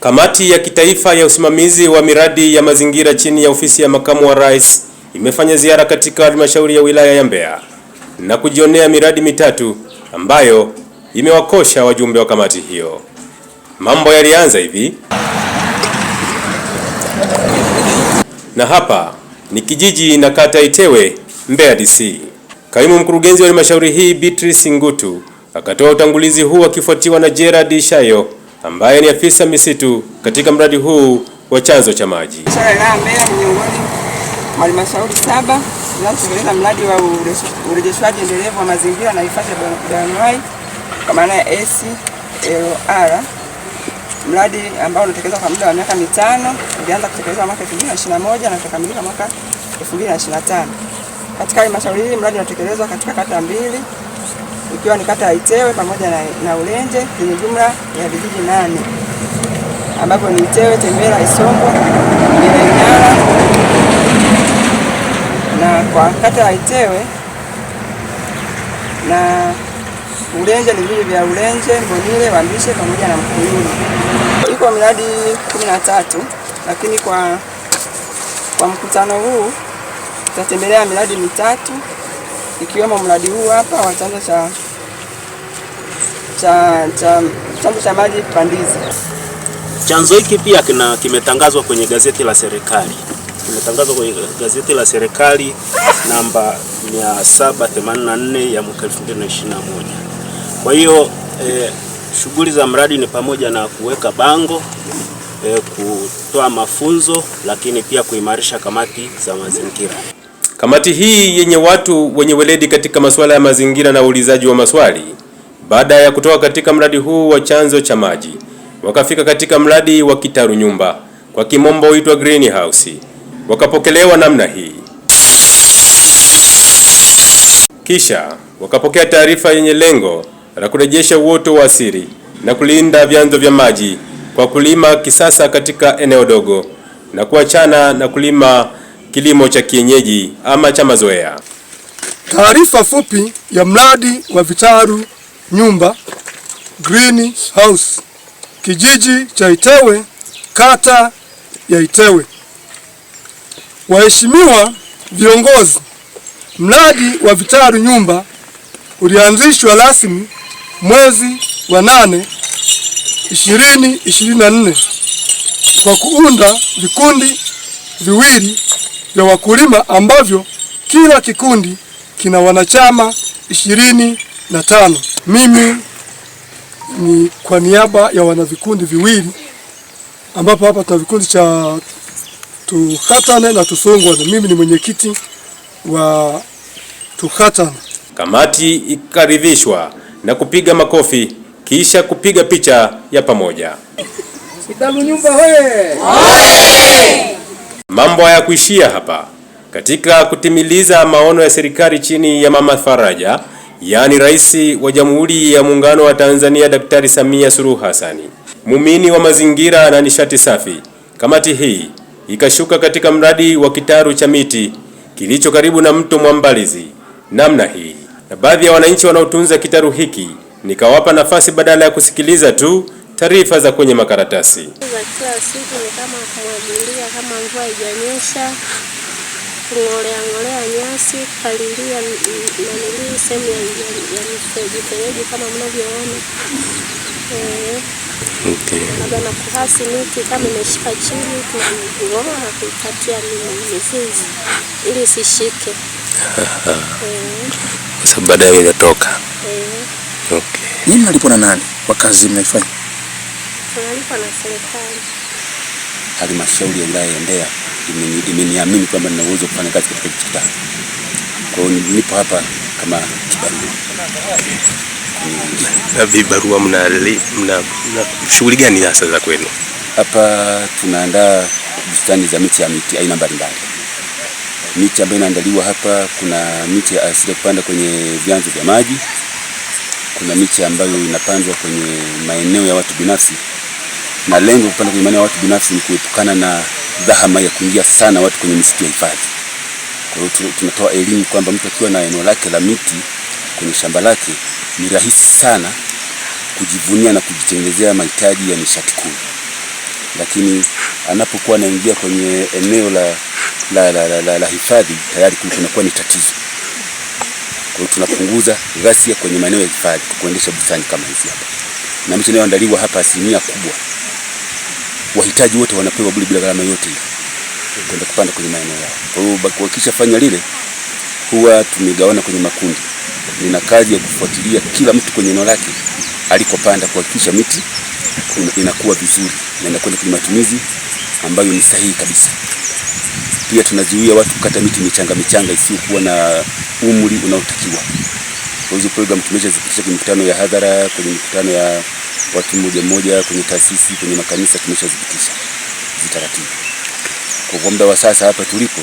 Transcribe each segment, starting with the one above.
Kamati ya kitaifa ya usimamizi wa miradi ya mazingira chini ya ofisi ya makamu wa rais imefanya ziara katika halmashauri ya wilaya ya Mbeya na kujionea miradi mitatu ambayo imewakosha wajumbe wa kamati hiyo. Mambo yalianza hivi, na hapa ni kijiji na kata Itewe, Mbeya DC. Kaimu mkurugenzi wa halmashauri hii Beatrice Ngutu akatoa utangulizi huu akifuatiwa na Gerard Shayo ambaye ni afisa misitu katika mradi huu wa chanzo cha maji. Mbea ni miongoni mwa halmashauri saba zinazotekeleza mradi wa urejeshwaji endelevu wa mazingira na hifadhi ya bayoanuai kwa maana ya SLR, mradi ambao unatekelezwa kwa muda wa miaka mitano, ulianza kutekelezwa mwaka 2021 na kukamilika mwaka 2025. Katika halmashauri hii mradi unatekelezwa katika kata mbili ikiwa ni kata ya Itewe pamoja na, na Ulenje yenye jumla ya vijiji nane ambapo ni Itewe, Tembela, Isongo, Nyerengara. Na kwa kata ya Itewe na Ulenje ni vijiji vya Ulenje, Mbonile, Wambishe pamoja na Mkuyuni. Iko miradi kumi na tatu, lakini kwa, kwa mkutano huu tutatembelea miradi mitatu ikiwemo mradi huu hapa wa chanzo cha cha chanzo cha maji Pandizi. Chanzo hiki pia kina kimetangazwa kwenye gazeti la serikali kimetangazwa kwenye gazeti la serikali namba 784 ya mwaka 2021. Kwa hiyo eh, shughuli za mradi ni pamoja na kuweka bango eh, kutoa mafunzo lakini pia kuimarisha kamati za mazingira. Kamati hii yenye watu wenye weledi katika masuala ya mazingira na uulizaji wa maswali baada ya kutoka katika mradi huu wa chanzo cha maji, wakafika katika mradi wa kitaru nyumba, kwa kimombo huitwa greenhouse, wakapokelewa namna hii, kisha wakapokea taarifa yenye lengo la kurejesha uoto wa asili na kulinda vyanzo vya maji kwa kulima kisasa katika eneo dogo na kuachana na kulima kilimo cha kienyeji ama cha mazoea. Taarifa fupi ya mradi wa vitaru nyumba Green House kijiji cha Itewe kata ya Itewe. Waheshimiwa viongozi, mradi wa vitalu nyumba ulianzishwa rasmi mwezi wa nane 2024 kwa kuunda vikundi viwili vya wakulima ambavyo kila kikundi kina wanachama ishirini na tano. Mimi ni kwa niaba ya wanavikundi viwili ambapo hapa tuna vikundi cha Tukatane na Tusungwane. Mimi ni mwenyekiti wa Tukatane. Kamati ikaridhishwa na kupiga makofi kisha kupiga picha ya pamoja. Kitalu nyumba hoye! Mambo kuishia hapa. Katika kutimiliza maono ya serikali chini ya Mama Faraja yaani Rais wa Jamhuri ya Muungano wa Tanzania Daktari Samia Suluhu Hassani. Muumini wa mazingira na nishati safi, kamati hii ikashuka katika mradi wa kitaru cha miti kilicho karibu na mto Mwambalizi namna hii, na baadhi ya wananchi wanaotunza kitaru hiki nikawapa nafasi badala ya kusikiliza tu taarifa za kwenye makaratasi. Kila siku ni kama kumwagilia, kama mvua haijanyesha kung'olea ng'olea nyasi, kupalilia nanili sehemu ya, ya mifereji kama mnavyoona eh, okay. na kuhasi miti kama imeshika chini tunang'oa na kuikatia mizizi ili isishike. sababu baadaye inatoka. Eh. Okay. Nini mnalipwa na nani kwa kazi mnaifanya? Tunalipwa na serikali. Halmashauri ya wilaya ya Mbeya imeniamini kwamba nina uwezo kufanya kazi katika kitu Kwa hiyo nipo hapa kama kibarua. Na vibarua mna mna shughuli gani hasa za kwenu? Hapa tunaandaa bustani za miti ya miti aina mbalimbali. Miti ambayo inaandaliwa hapa, kuna miti ya asili kupanda kwenye vyanzo vya maji, kuna miti ambayo inapandwa kwenye maeneo ya watu binafsi na lengo kupanda kwenye maeneo ya watu binafsi ni kuepukana na dhahama ya kuingia sana watu kwenye misitu ya hifadhi. Kwa hiyo tunatoa elimu kwamba mtu akiwa na eneo lake la miti kwenye shamba lake ni rahisi sana kujivunia na kujitengenezea mahitaji ya nishati kuu, lakini anapokuwa anaingia kwenye eneo la, la, la, la, la, la hifadhi tayari kunakuwa ni tatizo. Kwa hiyo tunapunguza ghasia kwenye maeneo ya hifadhi kwa kuendesha bustani kama hizi hapa, na miti inayoandaliwa hapa asilimia kubwa wahitaji wote wanapewa bure bila gharama yote kwenda kupanda kwenye maeneo yao. Kwa hiyo fanya lile, huwa tumegawana kwenye makundi. Nina kazi ya kufuatilia kila mtu kwenye eneo lake alikopanda, kuhakikisha miti inakuwa vizuri na inakwenda kwenye matumizi ambayo ni sahihi kabisa. Pia tunazuia watu kukata miti michanga michanga isiyokuwa na umri unaotakiwa. Kwa hizo program tumeshazipitisha kwenye mikutano ya hadhara, kwenye mikutano ya watu mmoja mmoja, kwenye taasisi, kwenye makanisa tumeshazipitisha zitaratibu. Kwa muda wa sasa hapa tulipo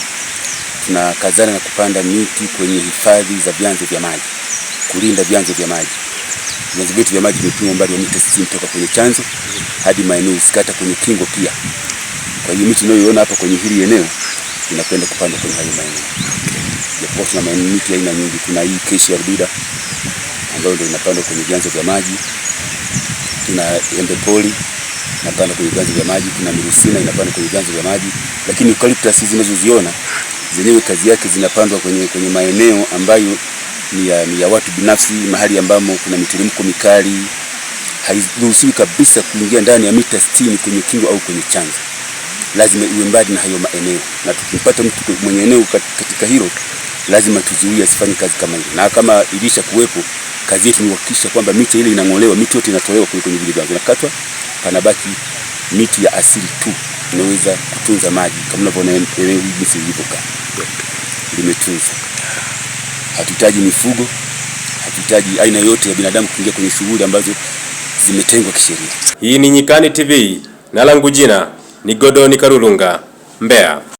tunakazana na kupanda miti kwenye hifadhi za vyanzo vya maji, kulinda vyanzo vya maji. Vyanzo vyetu vya maji vimepimwa umbali wa mita 60 toka kwenye chanzo hadi maeneo usikata kwenye kingo pia. Kwa hiyo miti unayoiona hapa kwenye hili eneo inakwenda kupandwa kwenye hayo maeneo japokuwa kuna miti aina nyingi. Kuna hii kesi ya rubida ambayo ndio inapandwa kwenye vyanzo vya maji, kuna embe poli inapandwa kwenye vyanzo vya maji, kuna mirusina inapandwa kwenye vyanzo vya maji, lakini eucalyptus zinazoziona zenyewe kazi yake zinapandwa kwenye, kwenye maeneo ambayo ni ya, ni ya watu binafsi, mahali ambamo kuna miteremko mikali, hairuhusiwi kabisa kuingia ndani ya mita 60 kwenye kingo au kwenye chanzo lazima iwe mbali na hayo maeneo, na tukipata mtu mwenye eneo katika hilo lazima tuzuie asifanye kazi kama hiyo, na kama ilisha kuwepo kazi yetu ni kuhakikisha kwamba miti ile inang'olewa, miti yote inatolewa kule kwenye vile vyanzo inakatwa, panabaki miti ya asili tu inaweza kutunza maji kama unavyoona eneo hili jinsi lilivyokaa limetunza. Hatuhitaji mifugo, hatuhitaji aina yote ya binadamu kuingia kwenye shughuli ambazo zimetengwa kisheria. Hii ni Nyikani TV na langu jina ni Godoni Karurunga, Mbeya.